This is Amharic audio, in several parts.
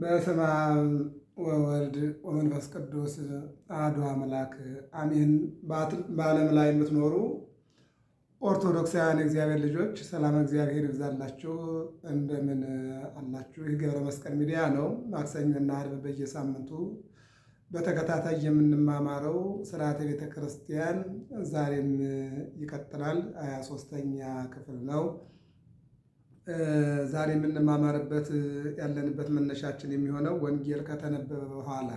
በስመ አብ ወወልድ ወመንፈስ ቅዱስ አሐዱ አምላክ አሜን። በዓለም ላይ የምትኖሩ ኦርቶዶክሳውያን እግዚአብሔር ልጆች ሰላም እግዚአብሔር ይብዛላችሁ። እንደምን አላችሁ? ይህ ገብረ መስቀል ሚዲያ ነው። ማክሰኞና ዓርብ በየሳምንቱ በተከታታይ የምንማማረው ስርዓተ ቤተ ክርስቲያን ዛሬም ይቀጥላል። 23 ሦስተኛ ክፍል ነው። ዛሬ የምንማማርበት ያለንበት መነሻችን የሚሆነው ወንጌል ከተነበበ በኋላ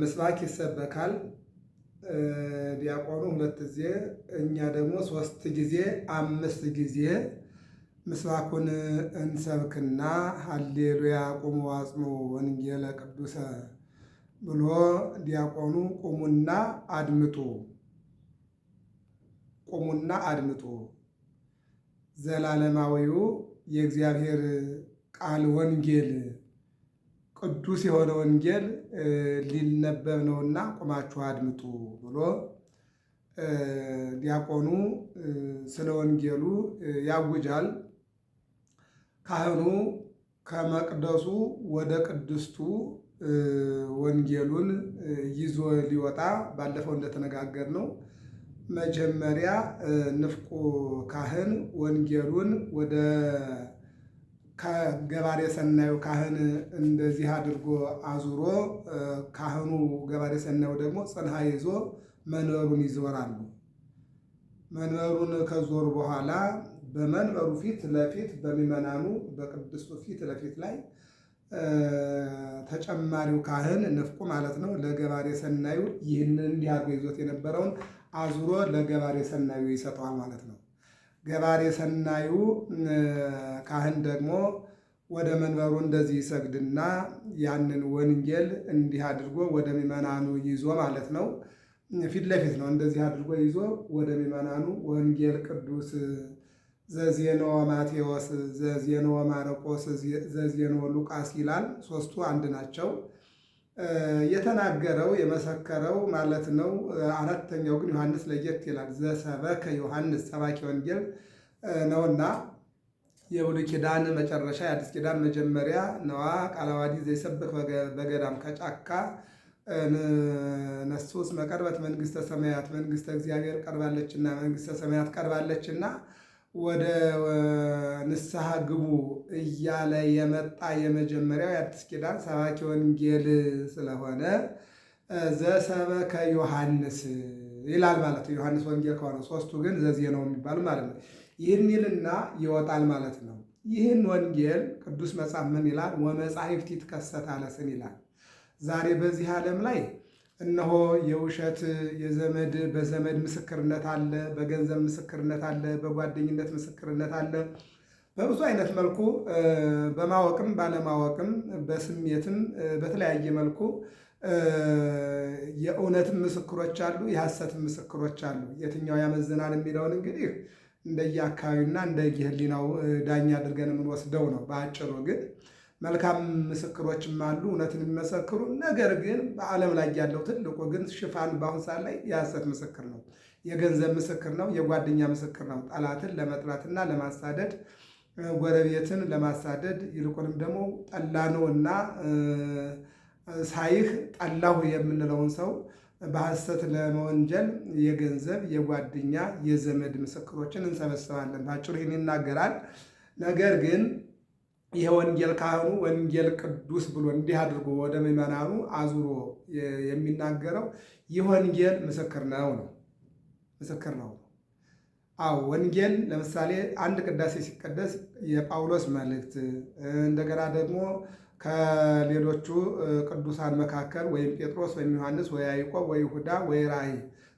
ምስባክ ይሰበካል። ዲያቆኑ ሁለት ጊዜ እኛ ደግሞ ሶስት ጊዜ አምስት ጊዜ ምስባኩን እንሰብክና ሀሌሉያ ቁሙ አጽሙ ወንጌለ ቅዱሰ ብሎ ዲያቆኑ ቁሙና አድምጡ ቁሙና አድምጡ ዘላለማዊው የእግዚአብሔር ቃል ወንጌል ቅዱስ የሆነ ወንጌል ሊነበብ ነውና ቁማችሁ አድምጡ ብሎ ዲያቆኑ ስለ ወንጌሉ ያውጃል። ካህኑ ከመቅደሱ ወደ ቅድስቱ ወንጌሉን ይዞ ሊወጣ ባለፈው እንደተነጋገር ነው መጀመሪያ ንፍቁ ካህን ወንጌሉን ወደ ገባሬ ሰናዩ ካህን እንደዚህ አድርጎ አዙሮ ካህኑ ገባሬ ሰናዩ ደግሞ ጽንሐ ይዞ መንበሩን ይዞራሉ። መንበሩን ከዞሩ በኋላ በመንበሩ ፊት ለፊት በሚመናኑ በቅድስቱ ፊት ለፊት ላይ ተጨማሪው ካህን ንፍቁ ማለት ነው ለገባሬ ሰናዩ ይህንን እንዲያርጎ ይዞት የነበረውን አዙሮ ለገባሬ ሰናዩ ይሰጠዋል ማለት ነው። ገባሬ ሰናዩ ካህን ደግሞ ወደ መንበሩ እንደዚህ ይሰግድና ያንን ወንጌል እንዲህ አድርጎ ወደ ምዕመናኑ ይዞ ማለት ነው። ፊት ለፊት ነው እንደዚህ አድርጎ ይዞ ወደ ምዕመናኑ ወንጌል ቅዱስ ዘዜነወ ማቴዎስ፣ ዘዜነወ ማርቆስ፣ ዘዜነወ ሉቃስ ይላል። ሶስቱ አንድ ናቸው። የተናገረው የመሰከረው ማለት ነው። አራተኛው ግን ዮሐንስ ለየት ይላል። ዘሰበከ ዮሐንስ ሰባኪ ወንጌል ነውና የብሉይ ኪዳን መጨረሻ የአዲስ ኪዳን መጀመሪያ ነዋ። ቃለዋዲ ዘይሰብክ በገዳም ከጫካ ነሱስ መቀርበት መንግስተ ሰማያት መንግስተ እግዚአብሔር ቀርባለችና መንግስተ ሰማያት ቀርባለችና ወደ ንስሐ ግቡ እያለ የመጣ የመጀመሪያው የአዲስ ኪዳን ሰባኪ ወንጌል ስለሆነ ዘሰበከ ዮሐንስ ይላል ማለት ነው። ዮሐንስ ወንጌል ከሆነ ሶስቱ ግን ዘዜ ነው የሚባል ማለት ነው። ይህን ይልና ይወጣል ማለት ነው። ይህን ወንጌል ቅዱስ መጽሐፍ ምን ይላል? ወመጻሕፍት ይትከሰት አለ ስን ይላል። ዛሬ በዚህ ዓለም ላይ እነሆ የውሸት የዘመድ በዘመድ ምስክርነት አለ፣ በገንዘብ ምስክርነት አለ፣ በጓደኝነት ምስክርነት አለ። በብዙ አይነት መልኩ በማወቅም ባለማወቅም በስሜትም በተለያየ መልኩ የእውነትም ምስክሮች አሉ፣ የሐሰትም ምስክሮች አሉ። የትኛው ያመዝናል የሚለውን እንግዲህ እንደየ አካባቢውና እንደየ ሕሊናው ዳኛ አድርገን የምንወስደው ነው። በአጭሩ ግን መልካም ምስክሮችም አሉ እውነትን የሚመሰክሩ። ነገር ግን በዓለም ላይ ያለው ትልቁ ግን ሽፋን በአሁን ሰዓት ላይ የሐሰት ምስክር ነው፣ የገንዘብ ምስክር ነው፣ የጓደኛ ምስክር ነው። ጠላትን ለመጥራትና ለማሳደድ ጎረቤትን ለማሳደድ ይልቁንም ደግሞ ጠላነው እና ሳይህ ጠላሁ የምንለውን ሰው በሐሰት ለመወንጀል የገንዘብ የጓደኛ የዘመድ ምስክሮችን እንሰበስባለን። ባጭሩ ይህን ይናገራል። ነገር ግን ይሄ ወንጌል ካህኑ ወንጌል ቅዱስ ብሎ እንዲህ አድርጎ ወደ ምዕመናኑ አዙሮ የሚናገረው ይህ ወንጌል ምስክር ነው ነው ምስክር ነው። አዎ ወንጌል ለምሳሌ አንድ ቅዳሴ ሲቀደስ የጳውሎስ መልእክት እንደገና ደግሞ ከሌሎቹ ቅዱሳን መካከል ወይም ጴጥሮስ ወይም ዮሐንስ ወይ ያዕቆብ ወይ ይሁዳ ወይ ራእይ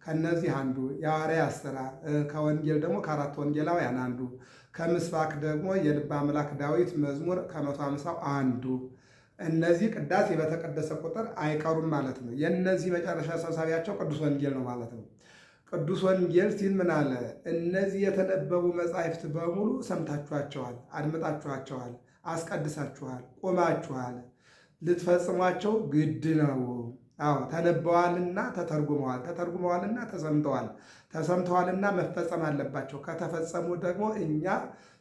ከእነዚህ አንዱ የሐዋርያ ሥራ ከወንጌል ደግሞ ከአራት ወንጌላውያን አንዱ ከምስባክ ደግሞ የልብ አምላክ ዳዊት መዝሙር ከመቶ ሃምሳው አንዱ። እነዚህ ቅዳሴ በተቀደሰ ቁጥር አይቀሩም ማለት ነው። የእነዚህ መጨረሻ ሰብሳቢያቸው ቅዱስ ወንጌል ነው ማለት ነው። ቅዱስ ወንጌል ሲል ምን አለ? እነዚህ የተነበቡ መጻሕፍት በሙሉ ሰምታችኋቸዋል፣ አድምጣችኋቸዋል፣ አስቀድሳችኋል፣ ቆማችኋል፣ ልትፈጽሟቸው ግድ ነው። አዎ ተነበዋልና ተተርጉመዋል፣ ተተርጉመዋልና ተሰምተዋል፣ ተሰምተዋልና መፈጸም አለባቸው። ከተፈጸሙ ደግሞ እኛ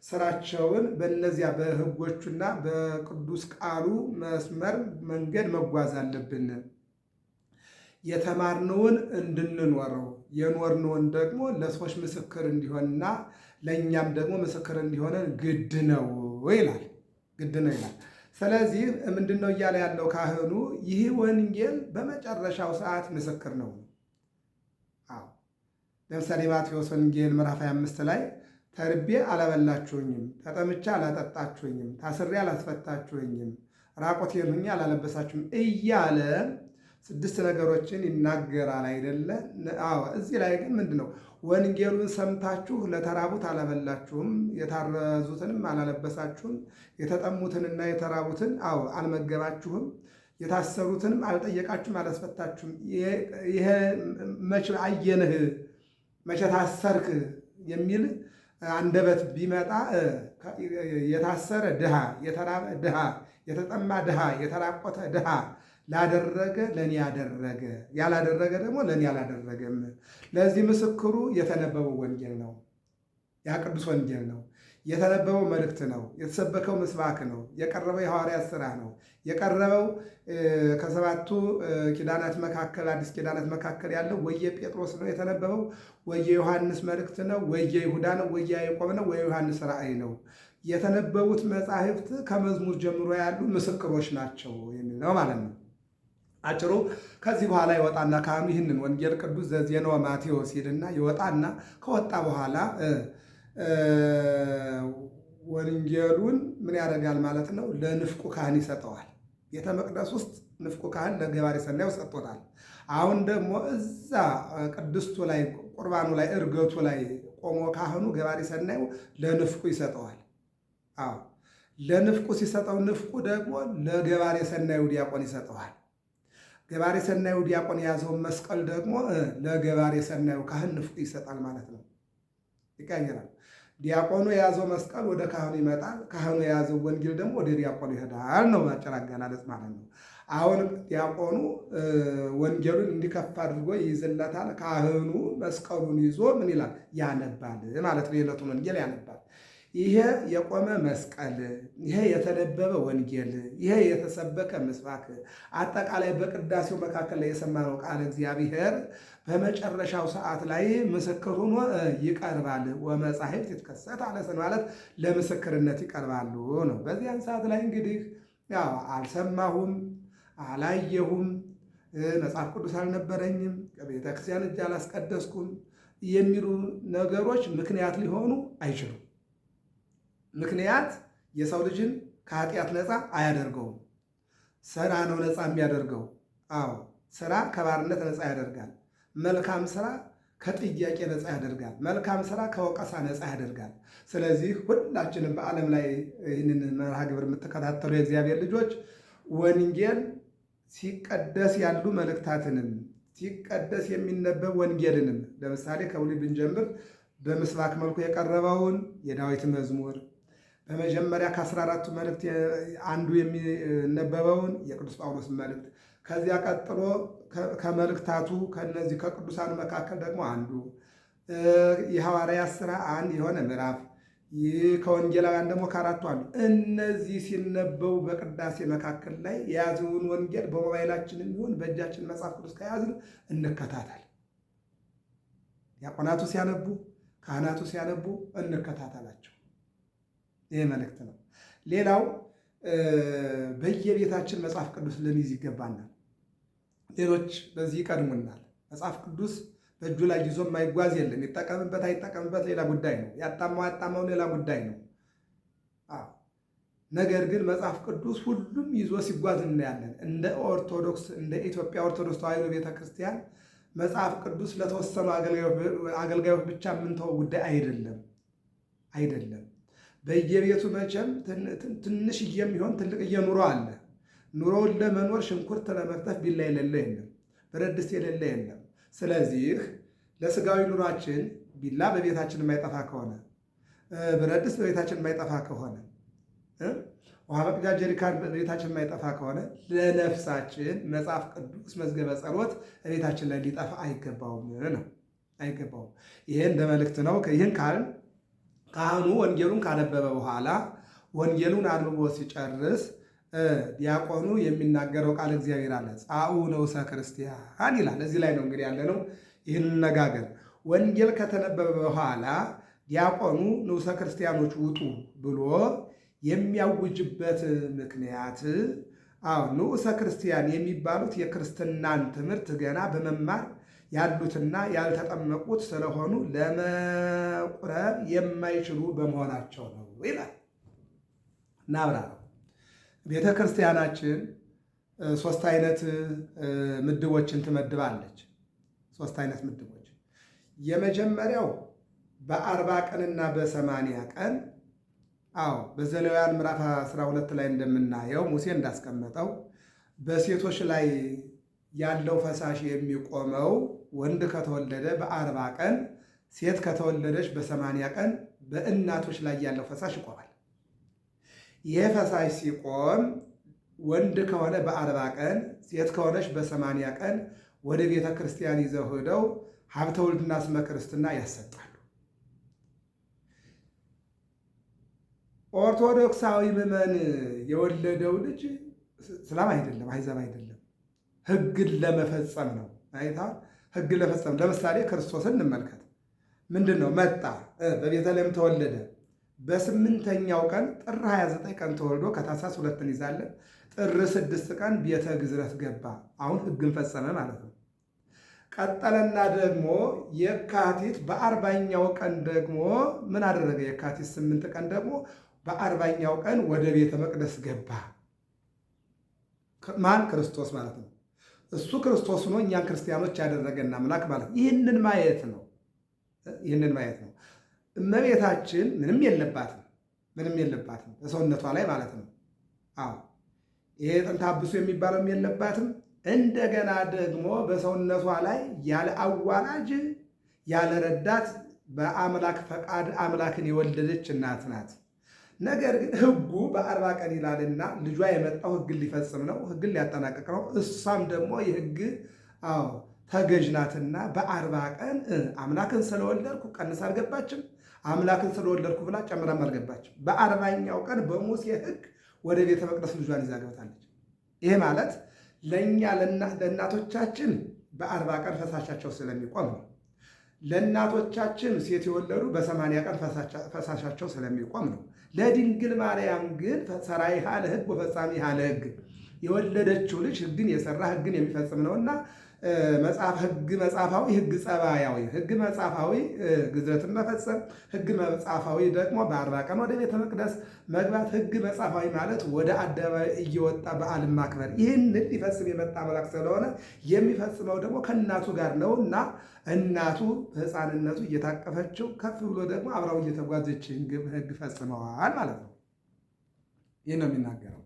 ስራቸውን በእነዚያ በህጎቹና በቅዱስ ቃሉ መስመር መንገድ መጓዝ አለብን። የተማርነውን እንድንኖረው የኖርነውን ደግሞ ለሰዎች ምስክር እንዲሆንና ለእኛም ደግሞ ምስክር እንዲሆነን ግድ ነው ይላል ግድ ነው ይላል። ስለዚህ ምንድን ነው እያለ ያለው ካህኑ? ይህ ወንጌል በመጨረሻው ሰዓት ምስክር ነው። አዎ ለምሳሌ ማቴዎስ ወንጌል ምዕራፍ 25 ላይ ተርቤ አላበላችሁኝም፣ ተጠምቼ አላጠጣችሁኝም፣ ታስሬ አላስፈታችሁኝም፣ ራቆቴን ሆኜ አላለበሳችሁም እያለ ስድስት ነገሮችን ይናገራል አይደለ? አዎ እዚህ ላይ ግን ምንድን ነው ወንጌሉን ሰምታችሁ ለተራቡት አላበላችሁም፣ የታረዙትንም አላለበሳችሁም፣ የተጠሙትንና የተራቡትን አዎ አልመገባችሁም፣ የታሰሩትንም አልጠየቃችሁም፣ አላስፈታችሁም። ይሄ መች አየንህ፣ መቼ ታሰርክ የሚል አንደበት ቢመጣ የታሰረ ድሃ፣ የተራበ ድሃ፣ የተጠማ ድሃ፣ የተራቆተ ድሃ ላደረገ ለእኔ ያደረገ፣ ያላደረገ ደግሞ ለእኔ ያላደረገም። ለዚህ ምስክሩ የተነበበው ወንጌል ነው። ያ ቅዱስ ወንጌል ነው። የተነበበው መልእክት ነው። የተሰበከው ምስባክ ነው። የቀረበው የሐዋርያት ስራ ነው። የቀረበው ከሰባቱ ኪዳናት መካከል አዲስ ኪዳናት መካከል ያለው ወየ ጴጥሮስ ነው የተነበበው። ወየ ዮሐንስ መልእክት ነው። ወየ ይሁዳ ነው። ወየ ያዕቆብ ነው። ወየ ዮሐንስ ራእይ ነው። የተነበቡት መጻሕፍት ከመዝሙር ጀምሮ ያሉ ምስክሮች ናቸው የሚል ነው ማለት ነው። አጭሩ ከዚህ በኋላ ይወጣና ካህኑ ይህንን ወንጌል ቅዱስ ዘዜኖ ማቴዎስ ሄድና ይወጣና ከወጣ በኋላ ወንጌሉን ምን ያደርጋል ማለት ነው? ለንፍቁ ካህን ይሰጠዋል። ቤተ መቅደስ ውስጥ ንፍቁ ካህን ለገባሬ ሰናዩ ሰጥቶታል። አሁን ደግሞ እዛ ቅድስቱ ላይ ቁርባኑ ላይ እርገቱ ላይ ቆሞ ካህኑ ገባሬ ሰናዩ ለንፍቁ ይሰጠዋል። አዎ ለንፍቁ ሲሰጠው ንፍቁ ደግሞ ለገባሬ ሰናዩ ዲያቆን ይሰጠዋል። ገባሬ ሰናዩ ዲያቆን የያዘውን መስቀል ደግሞ ለገባሬ ሰናዩ ካህን ንፍቁ ይሰጣል ማለት ነው። ይቀየራል። ዲያቆኑ የያዘው መስቀል ወደ ካህኑ ይመጣል። ካህኑ የያዘው ወንጌል ደግሞ ወደ ዲያቆኑ ይሄዳል ነው አጭር አገላለጽ ማለት ነው። አሁን ዲያቆኑ ወንጌሉን እንዲከፍ አድርጎ ይይዝለታል። ካህኑ መስቀሉን ይዞ ምን ይላል? ያነባል ማለት ነው። የዕለቱን ወንጌል ያነባል። ይሄ የቆመ መስቀል፣ ይሄ የተነበበ ወንጌል፣ ይሄ የተሰበከ ምስባክ፣ አጠቃላይ በቅዳሴው መካከል ላይ የሰማነው ቃል እግዚአብሔር በመጨረሻው ሰዓት ላይ ምስክር ሆኖ ይቀርባል። ወመጻሕፍት ይትከሰት አለሰን ማለት ለምስክርነት ይቀርባሉ ነው። በዚያን ሰዓት ላይ እንግዲህ ያው አልሰማሁም፣ አላየሁም፣ መጽሐፍ ቅዱስ አልነበረኝም፣ ቤተክርስቲያን እጅ አላስቀደስኩም የሚሉ ነገሮች ምክንያት ሊሆኑ አይችሉም። ምክንያት የሰው ልጅን ከኃጢአት ነፃ አያደርገውም። ስራ ነው ነፃ የሚያደርገው። አዎ ስራ ከባርነት ነፃ ያደርጋል። መልካም ስራ ከጥያቄ ነፃ ያደርጋል። መልካም ስራ ከወቀሳ ነፃ ያደርጋል። ስለዚህ ሁላችንም በዓለም ላይ ይህንን መርሃ ግብር የምትከታተሉ የእግዚአብሔር ልጆች ወንጌል ሲቀደስ ያሉ መልእክታትንም ሲቀደስ የሚነበብ ወንጌልንም ለምሳሌ ከብሉይ ብንጀምር በምስባክ መልኩ የቀረበውን የዳዊት መዝሙር በመጀመሪያ ከ 14 መልእክት አንዱ የሚነበበውን የቅዱስ ጳውሎስ መልእክት ከዚያ ቀጥሎ ከመልእክታቱ ከነዚህ ከቅዱሳን መካከል ደግሞ አንዱ የሐዋርያ ስራ አንድ የሆነ ምዕራፍ ከወንጌላውያን ደግሞ ከአራቱ አንዱ። እነዚህ ሲነበቡ በቅዳሴ መካከል ላይ የያዝውን ወንጌል በሞባይላችንም ይሁን በእጃችን መጽሐፍ ቅዱስ ከያዝን እንከታተል። ዲያቆናቱ ሲያነቡ፣ ካህናቱ ሲያነቡ እንከታተላቸው። ይሄ መልእክት ነው። ሌላው በየቤታችን መጽሐፍ ቅዱስ ልንይዝ ይገባናል። ሌሎች በዚህ ይቀድሙናል። መጽሐፍ ቅዱስ በእጁ ላይ ይዞ የማይጓዝ የለም። ይጠቀምበት አይጠቀምበት ሌላ ጉዳይ ነው። ያጣማው ያጣማው ሌላ ጉዳይ ነው። ነገር ግን መጽሐፍ ቅዱስ ሁሉም ይዞ ሲጓዝ እናያለን። እንደ ኦርቶዶክስ እንደ ኢትዮጵያ ኦርቶዶክስ ተዋሕዶ ቤተክርስቲያን መጽሐፍ ቅዱስ ለተወሰኑ አገልጋዮች ብቻ የምንተው ጉዳይ አይደለም አይደለም። በየቤቱ መቼም ትንሽ የሚሆን ትልቅ እየኑሮ አለ። ኑሮውን ለመኖር ሽንኩርት ለመክተፍ ቢላ የሌለ የለም፣ ብረት ድስት የሌለ የለም። ስለዚህ ለስጋዊ ኑሯችን ቢላ በቤታችን የማይጠፋ ከሆነ ብረት ድስት በቤታችን የማይጠፋ ከሆነ ውሃ መቅጃ ጀሪካን በቤታችን የማይጠፋ ከሆነ ለነፍሳችን መጽሐፍ ቅዱስ መዝገበ ጸሎት ቤታችን ላይ ሊጠፋ አይገባውም ነው አይገባውም። ይህን እንደ ነው። ይህን ካልን ካህኑ ወንጌሉን ካነበበ በኋላ ወንጌሉን አንብቦ ሲጨርስ ዲያቆኑ የሚናገረው ቃል እግዚአብሔር አለ ጻኡ ነውሰ ክርስቲያን ይላል። እዚህ ላይ ነው እንግዲህ ያለነው ይህን ነጋገር። ወንጌል ከተነበበ በኋላ ዲያቆኑ ንዑሰ ክርስቲያኖች ውጡ ብሎ የሚያውጅበት ምክንያት አዎ ንዑሰ ክርስቲያን የሚባሉት የክርስትናን ትምህርት ገና በመማር ያሉትና ያልተጠመቁት ስለሆኑ ለመቁረብ የማይችሉ በመሆናቸው ነው ይላል። እናብራረው። ቤተ ክርስቲያናችን ሶስት አይነት ምድቦችን ትመድባለች። ሶስት አይነት ምድቦች። የመጀመሪያው በአርባ ቀንና በሰማንያ ቀን አዎ፣ በዘሌዋውያን ምዕራፍ 12 ላይ እንደምናየው ሙሴ እንዳስቀመጠው በሴቶች ላይ ያለው ፈሳሽ የሚቆመው ወንድ ከተወለደ በአርባ ቀን ሴት ከተወለደች በሰማንያ ቀን በእናቶች ላይ ያለው ፈሳሽ ይቆማል። ይሄ ፈሳሽ ሲቆም ወንድ ከሆነ በአርባ ቀን ሴት ከሆነች በሰማንያ ቀን ወደ ቤተ ክርስቲያን ይዘው ሄደው ሀብተ ውልድና ስመ ክርስትና ያሰጣሉ። ኦርቶዶክሳዊ ምዕመን የወለደው ልጅ ስላም አይደለም፣ አይዘም አይደለም፣ ህግን ለመፈጸም ነው አይታ ህግ ለፈጸም ለምሳሌ ክርስቶስን እንመልከት። ምንድን ነው መጣ፣ በቤተልሔም ተወለደ። በስምንተኛው ቀን ጥር 29 ቀን ተወልዶ ከታሳስ ሁለትን ይዛለን ጥር ስድስት ቀን ቤተ ግዝረት ገባ። አሁን ህግን ፈጸመ ማለት ነው። ቀጠለና ደግሞ የካቲት በአርባኛው ቀን ደግሞ ምን አደረገ? የካቲት ስምንት ቀን ደግሞ በአርባኛው ቀን ወደ ቤተ መቅደስ ገባ። ማን? ክርስቶስ ማለት ነው። እሱ ክርስቶስ ሆኖ እኛን ክርስቲያኖች ያደረገን አምላክ ማለት ነው። ይህንን ማየት ነው። ይህንን ማየት ነው። እመቤታችን ምንም የለባትም፣ ምንም የለባትም በሰውነቷ ላይ ማለት ነው። አዎ ይሄ ጥንተ የሚባለውም የለባትም። እንደገና ደግሞ በሰውነቷ ላይ ያለ አዋላጅ ያለ ረዳት በአምላክ ፈቃድ አምላክን የወለደች እናት ናት። ነገር ግን ህጉ በአርባ ቀን ይላልና ልጇ የመጣው ህግ ሊፈጽም ነው፣ ህግን ሊያጠናቀቅ ነው። እሷም ደግሞ የህግ አዎ ተገዥ ናትና በአርባ ቀን አምላክን ስለወለድኩ ቀንስ አልገባችም። አምላክን ስለወለድኩ ብላ ጨምራም አልገባችም። በአርባኛው ቀን በሙሴ የህግ ወደ ቤተ መቅደስ ልጇን ይዛ ገብታለች። ይሄ ማለት ለእኛ ለእናቶቻችን በአርባ ቀን ፈሳሻቸው ስለሚቆም ነው። ለእናቶቻችን ሴት የወለዱ በሰማንያ ቀን ፈሳሻቸው ስለሚቆም ነው። ለድንግል ማርያም ግን ሰራይሃ ለህግ ወፈጻሚሃ ለህግ የወለደችው ልጅ ህግን የሰራ ህግን የሚፈጽም ነውና መጽሐፍ ህግ መጽሐፋዊ ህግ ጸባያዊ ህግ መጽሐፋዊ ግዝረትን መፈጸም ህግ መጽሐፋዊ ደግሞ በአርባ ቀን ወደ ቤተ መቅደስ መግባት ህግ መጽሐፋዊ ማለት ወደ አደባባይ እየወጣ በዓልን ማክበር ይህንን ሊፈጽም የመጣ አምላክ ስለሆነ የሚፈጽመው ደግሞ ከእናቱ ጋር ነው እና እናቱ ህፃንነቱ እየታቀፈችው ከፍ ብሎ ደግሞ አብራው እየተጓዘች ህግ ፈጽመዋል ማለት ነው ይህ ነው የሚናገረው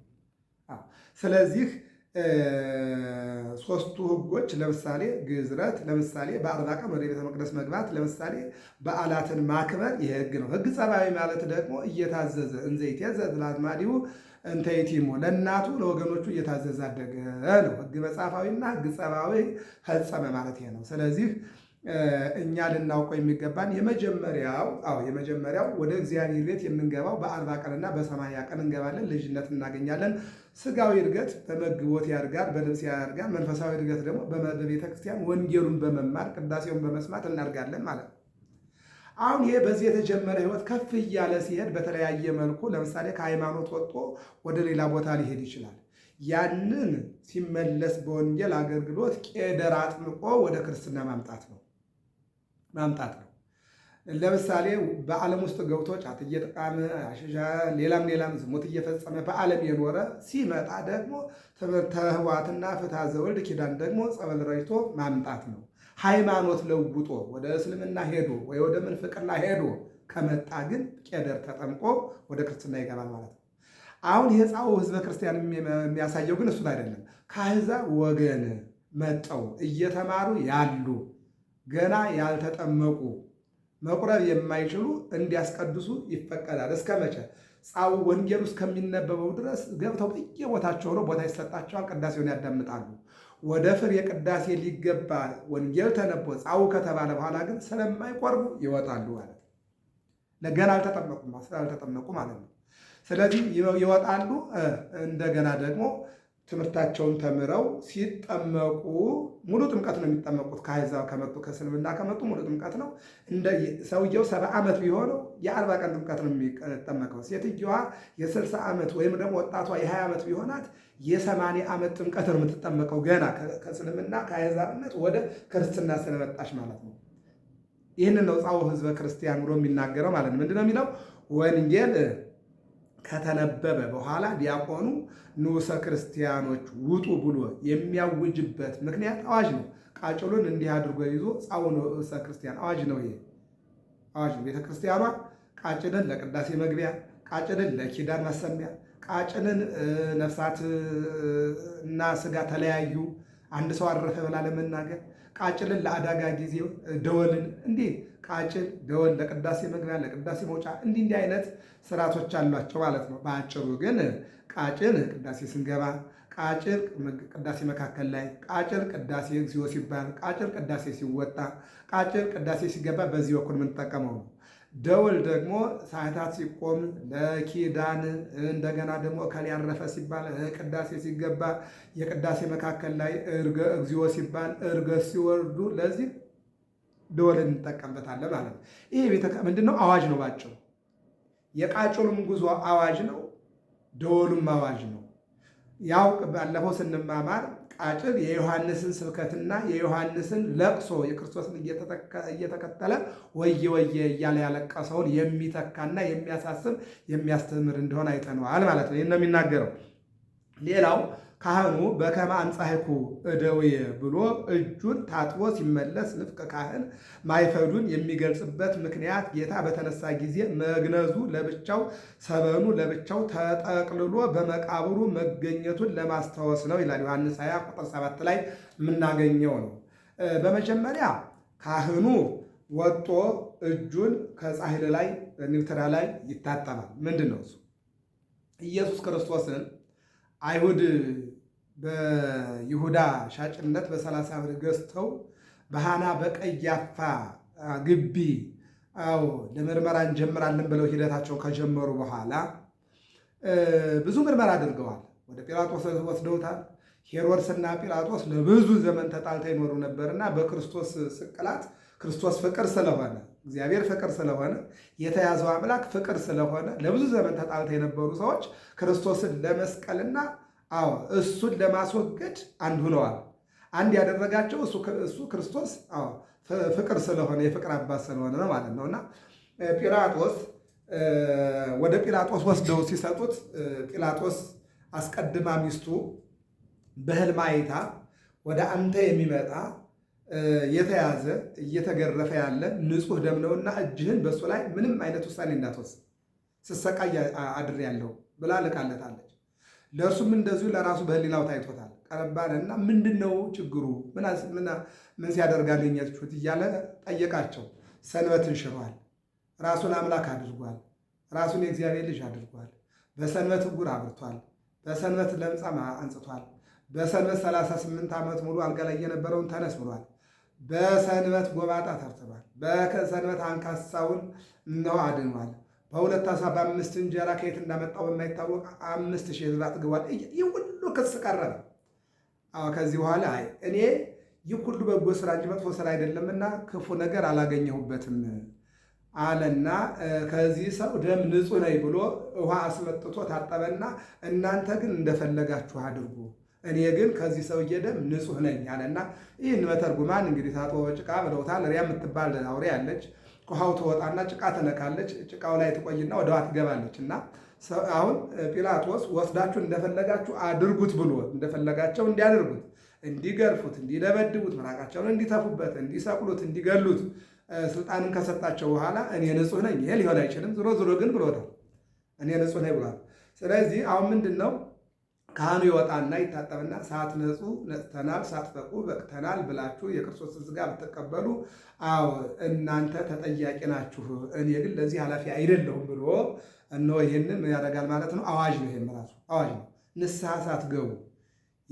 ስለዚህ ሶስቱ ህጎች ለምሳሌ ግዝረት፣ ለምሳሌ በአርባ ቀን ወደ ቤተ መቅደስ መግባት፣ ለምሳሌ በዓላትን ማክበር ህግ ነው። ህግ ጸባዊ ማለት ደግሞ እየታዘዘ እንዘ ይትያዘዝ ለአዝማዲሁ እንተ ይቲሞ ለእናቱ ለወገኖቹ እየታዘዘ አደገ ነው። ህግ መጽሐፋዊና ህግ ጸባዊ ፈጸመ ማለት ይሄ ነው። ስለዚህ እኛ ልናውቀው የሚገባን የመጀመሪያው አዎ የመጀመሪያው ወደ እግዚአብሔር ቤት የምንገባው በአርባ ቀንና በሰማንያ ቀን እንገባለን፣ ልጅነት እናገኛለን። ስጋዊ እድገት በመግቦት ያድጋል፣ በልብስ ያድጋል። መንፈሳዊ እድገት ደግሞ በቤተ ቤተክርስቲያን ወንጌሉን በመማር ቅዳሴውን በመስማት እናድጋለን ማለት ነው። አሁን ይሄ በዚህ የተጀመረ ህይወት ከፍ እያለ ሲሄድ በተለያየ መልኩ ለምሳሌ ከሃይማኖት ወጥቶ ወደ ሌላ ቦታ ሊሄድ ይችላል። ያንን ሲመለስ በወንጌል አገልግሎት ቄደር አጥምቆ ወደ ክርስትና ማምጣት ነው። ማምጣት ነው። ለምሳሌ በዓለም ውስጥ ገብቶ ጫት እየጠቃመ ሌላም ሌላም ዝሙት እየፈጸመ በዓለም የኖረ ሲመጣ ደግሞ ተህዋትና ፍትሐ ዘወልድ ኪዳን ደግሞ ጸበል ረጭቶ ማምጣት ነው። ሃይማኖት ለውጦ ወደ እስልምና ሄዶ ወይ ወደ ምንፍቅና ሄዶ ከመጣ ግን ቄደር ተጠምቆ ወደ ክርስትና ይገባል ማለት ነው። አሁን ይሄ ህዝበ ክርስቲያን የሚያሳየው ግን እሱን አይደለም። ከአህዛብ ወገን መጠው እየተማሩ ያሉ ገና ያልተጠመቁ መቁረብ የማይችሉ እንዲያስቀድሱ ይፈቀዳል። እስከ መቼ? ጻው ወንጌሉ እስከሚነበበው ድረስ ገብተው በየቦታቸው ነው ቦታ ይሰጣቸዋል። ቅዳሴውን ያዳምጣሉ። ወደ ፍሬ ቅዳሴ ሊገባ ወንጌል ተነቦ ጻው ከተባለ በኋላ ግን ስለማይቆርቡ ይወጣሉ ማለት ገና አልተጠመቁ ማለት ነው። ስለዚህ ይወጣሉ። እንደገና ደግሞ ትምህርታቸውን ተምረው ሲጠመቁ ሙሉ ጥምቀት ነው የሚጠመቁት። ከአሕዛብ ከመጡ ከእስልምና ከመጡ ሙሉ ጥምቀት ነው። እንደ ሰውየው ሰባ ዓመት ቢሆነው የአርባ ቀን ጥምቀት ነው የሚጠመቀው። ሴትዮዋ የስልሳ ዓመት ወይም ደግሞ ወጣቷ የሀያ ዓመት ቢሆናት የሰማንያ ዓመት ጥምቀት ነው የምትጠመቀው። ገና ከእስልምና ከአሕዛብነት ወደ ክርስትና ስለመጣች ማለት ነው። ይህንን ነው ጻው ህዝበ ክርስቲያን ብሎ የሚናገረው ማለት ነው። ምንድነው የሚለው ወንጌል ከተነበበ በኋላ ዲያቆኑ ንዑሰ ክርስቲያኖች ውጡ ብሎ የሚያውጅበት ምክንያት አዋጅ ነው። ቃጭሉን እንዲህ አድርጎ ይዞ ጻው ንዑሰ ክርስቲያን አዋጅ ነው። ይሄ አዋጅ ነው። ቤተ ክርስቲያኗ ቃጭልን ለቅዳሴ መግቢያ፣ ቃጭልን ለኪዳን ማሰሚያ፣ ቃጭልን ነፍሳት እና ስጋ ተለያዩ አንድ ሰው አረፈ ብላ ለመናገር ቃጭልን ለአደጋ ጊዜ ደወልን እንዴ ቃጭል ደወል ለቅዳሴ መግቢያ ለቅዳሴ መውጫ እንዲህ እንዲህ አይነት ስርዓቶች አሏቸው ማለት ነው። በአጭሩ ግን ቃጭል ቅዳሴ ስንገባ፣ ቃጭል ቅዳሴ መካከል ላይ፣ ቃጭል ቅዳሴ እግዚኦ ሲባል፣ ቃጭል ቅዳሴ ሲወጣ፣ ቃጭል ቅዳሴ ሲገባ በዚህ በኩል የምንጠቀመው ነው። ደወል ደግሞ ሳህታት ሲቆም ለኪዳን እንደገና ደግሞ እከል ያረፈ ሲባል ቅዳሴ ሲገባ የቅዳሴ መካከል ላይ እግዚኦ ሲባል እርገ ሲወርዱ ለዚህ ደወል እንጠቀምበታለን ማለት ነው። ይሄ ምንድን ነው? አዋጅ ነው ባጭው የቃጭሉም ጉዞ አዋጅ ነው፣ ደወሉም አዋጅ ነው። ያው ባለፈው ስንማማር አጭር የዮሐንስን ስብከትና የዮሐንስን ለቅሶ የክርስቶስን እየተከተለ ወየ ወየ እያለ ያለቀሰውን የሚተካና የሚያሳስብ የሚያስተምር እንደሆነ አይተነዋል ማለት ነው። ይህን ነው የሚናገረው። ሌላው ካህኑ በከመ አንጻሕኩ እደውየ ብሎ እጁን ታጥቦ ሲመለስ ንፍቀ ካህን ማይፈዱን የሚገልጽበት ምክንያት ጌታ በተነሳ ጊዜ መግነዙ ለብቻው ሰበኑ ለብቻው ተጠቅልሎ በመቃብሩ መገኘቱን ለማስታወስ ነው ይላል ዮሐንስ 20 ቁጥር 7 ላይ የምናገኘው ነው። በመጀመሪያ ካህኑ ወጦ እጁን ከጻሕል ላይ ኒውትራ ላይ ይታጠባል። ምንድን ነው እሱ ኢየሱስ ክርስቶስን አይሁድ በይሁዳ ሻጭነት በሰላሳ ብር ገዝተው በሃና በቀያፋ ግቢ አዎ ለምርመራ እንጀምራለን ብለው ሂደታቸውን ከጀመሩ በኋላ ብዙ ምርመራ አድርገዋል። ወደ ጲላጦስ ወስደውታል። ሄሮድስና ጲላጦስ ለብዙ ዘመን ተጣልተው ይኖሩ ነበርና በክርስቶስ ስቅላት ክርስቶስ ፍቅር ስለሆነ እግዚአብሔር ፍቅር ስለሆነ የተያዘው አምላክ ፍቅር ስለሆነ ለብዙ ዘመን ተጣልተው የነበሩ ሰዎች ክርስቶስን ለመስቀልና አዎ እሱን ለማስወገድ አንድ ሆነዋል። አንድ ያደረጋቸው እሱ ክርስቶስ አዎ ፍቅር ስለሆነ የፍቅር አባት ስለሆነ ነው ማለት ነው። እና ጲላጦስ ወደ ጲላጦስ ወስደው ሲሰጡት ጲላጦስ አስቀድማ ሚስቱ በሕልም አይታ ወደ አንተ የሚመጣ የተያዘ እየተገረፈ ያለ ንጹህ ደም ነውና እጅህን በእሱ ላይ ምንም አይነት ውሳኔ እንዳትወስድ ስሰቃይ አድሬያለሁ ብላ ልካለታለች። ለእርሱም እንደዚሁ ለራሱ በህሊናው ታይቶታል። ቀረባንና ምንድን ነው ችግሩ? ምን ሲያደርግ እያለ ጠየቃቸው። ሰንበትን ሽሯል። ራሱን አምላክ አድርጓል። ራሱን የእግዚአብሔር ልጅ አድርጓል። በሰንበት ዕውር አብርቷል። በሰንበት ለምጻም አንጽቷል። በሰንበት 38 ዓመት ሙሉ አልጋ ላይ የነበረውን ተነስ ብሏል። በሰንበት ጎባጣ ተብትቧል። በሰንበት አንካሳውን እነሆ አድኗል። በሁለት አሳ በአምስት እንጀራ ከየት እንዳመጣው የማይታወቅ አምስት ሺህ ሕዝብ አጥግቧል። ይህ ሁሉ ክስ ቀረበ። ከዚህ በኋላ እኔ ይህ ሁሉ በጎ ስራ እንጂ መጥፎ ስራ አይደለምና ክፉ ነገር አላገኘሁበትም አለና ከዚህ ሰው ደም ንጹህ ነኝ ብሎ ውሃ አስመጥቶ ታጠበና እናንተ ግን እንደፈለጋችሁ አድርጉ፣ እኔ ግን ከዚህ ሰውዬ ደም ንጹህ ነኝ አለና ይህን መተርጉማን እንግዲህ ታጥቦ ጭቃ ብለውታል። ሪያ የምትባል አውሬ አለች። ከውሃው ትወጣና ጭቃ ትነካለች። ጭቃው ላይ ትቆይና ወደ ውሃ ትገባለች። እና አሁን ጲላጦስ ወስዳችሁ እንደፈለጋችሁ አድርጉት ብሎ እንደፈለጋቸው እንዲያደርጉት፣ እንዲገርፉት፣ እንዲደበድቡት፣ ምራቃቸውን እንዲተፉበት፣ እንዲሰቅሉት፣ እንዲገሉት ስልጣንን ከሰጣቸው በኋላ እኔ ንጹህ ነኝ፣ ይሄ ሊሆን አይችልም፣ ዝሮ ዝሮ ግን ብሎታል። እኔ ንጹህ ነኝ ብሏል። ስለዚህ አሁን ምንድን ነው ካህኑ ይወጣና ይታጠብና ሰዓት ነጹ ነጽተናል፣ ሰዓት ፈቁ በቅተናል ብላችሁ የክርስቶስን ስጋ ብትቀበሉ፣ አዎ እናንተ ተጠያቂ ናችሁ፣ እኔ ግን ለዚህ ኃላፊ አይደለሁም ብሎ እነሆ ይህንን ያደርጋል ማለት ነው። አዋጅ ነው። ይህም ራሱ አዋጅ ነው። ንስሐ ሳትገቡ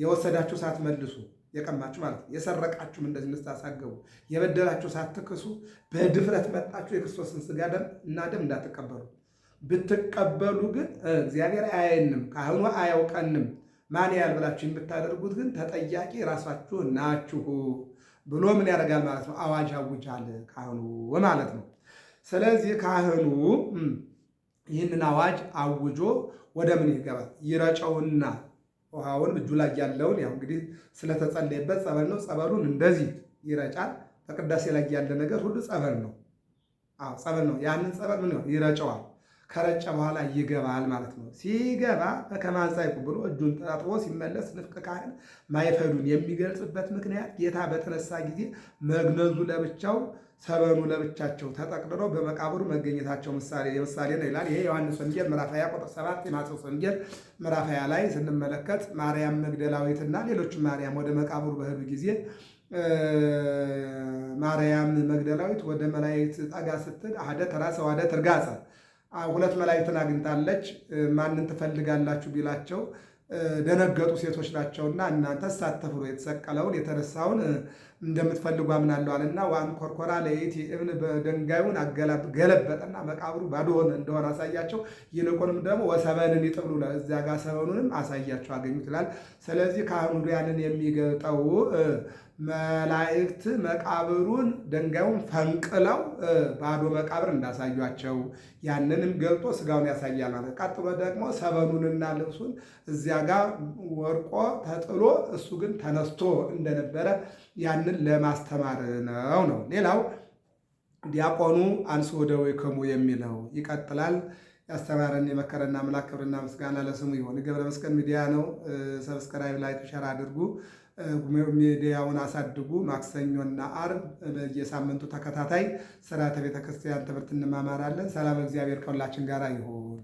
የወሰዳችሁ ሳትመልሱ የቀማችሁ ማለት ነው። የሰረቃችሁም እንደዚህ ንስሐ ሳትገቡ የበደላችሁ ሳትክሱ በድፍረት መጣችሁ የክርስቶስን ስጋ ደም እና ደም እንዳትቀበሉ ብትቀበሉ ግን እግዚአብሔር አያየንም፣ ካህኑ አያውቀንም፣ ማን ያህል ብላችሁ የምታደርጉት ግን ተጠያቂ ራሳችሁ ናችሁ ብሎ ምን ያደርጋል ማለት ነው? አዋጅ አውጃል ካህኑ ማለት ነው። ስለዚህ ካህኑ ይህንን አዋጅ አውጆ ወደ ምን ይገባል? ይረጨውና ውሃውን እጁ ላይ ያለውን ያው እንግዲህ ስለተጸለየበት ጸበል ነው። ጸበሉን እንደዚህ ይረጫል። በቅዳሴ ላይ ያለ ነገር ሁሉ ጸበል ነው። አዎ ጸበል ነው። ያንን ጸበል ምን ይረጨዋል ከረጨ በኋላ ይገባል ማለት ነው። ሲገባ በከማዛይኩ ብሎ እጁን ታጥቦ ሲመለስ ንፍቀ ካህን ማይፈዱን የሚገልጽበት ምክንያት ጌታ በተነሳ ጊዜ መግነዙ ለብቻው ሰበኑ ለብቻቸው ተጠቅልለው በመቃብሩ መገኘታቸው ምሳሌ ነው ይላል። ይሄ ዮሐንስ ወንጌል ምዕራፍ 20 ቁጥር 7 የማቴዎስ ወንጌል ምዕራፍ 20 ላይ ስንመለከት ማርያም መግደላዊትና ሌሎችም ማርያም ወደ መቃብሩ በሄዱ ጊዜ ማርያም መግደላዊት ወደ መላእክት ጠጋ ስትል አደ ተራሰው አደ ትርጋጸ ሁለት መላእክትን አግኝታለች። ማንን ትፈልጋላችሁ ቢላቸው ደነገጡ። ሴቶች ናቸውና እናንተ ሳትፈሩ የተሰቀለውን የተነሳውን እንደምትፈልጉ አምናለሁ አለና ዋን ኮርኮራ ለይቲ እብን በደንጋዩን አገላብ ገለበጠና መቃብሩ ባዶ እንደሆነ አሳያቸው። ይልቁንም ደግሞ ወሰበንን ይጥብሉ እዚያ ጋር ሰበኑንም አሳያቸው አገኙ ትላል። ስለዚህ ካህኑ ያንን የሚገጠው መላእክት መቃብሩን ደንጋዩን ፈንቅለው ባዶ መቃብር እንዳሳዩቸው ያንንም ገልጦ ስጋውን ያሳያል ማለት። ቀጥሎ ደግሞ ሰበኑንና ልብሱን እዚያ ጋር ወርቆ ተጥሎ እሱ ግን ተነስቶ እንደነበረ ያንን ለማስተማር ነው ነው። ሌላው ዲያቆኑ አንስ ወደ ወይከሙ የሚለው ይቀጥላል። ያስተማረን የመከረና አምላክ ክብርና ምስጋና ለስሙ ይሁን። ገብረ መስቀል ሚዲያ ነው። ሰብስክራይብ፣ ላይክ፣ ሸር አድርጉ። ሚዲያውን አሳድጉ። ማክሰኞና አርብ በየሳምንቱ ተከታታይ ስርዓተ ቤተክርስቲያን ትምህርት እንማማራለን። ሰላም እግዚአብሔር ከሁላችን ጋር ይሁን።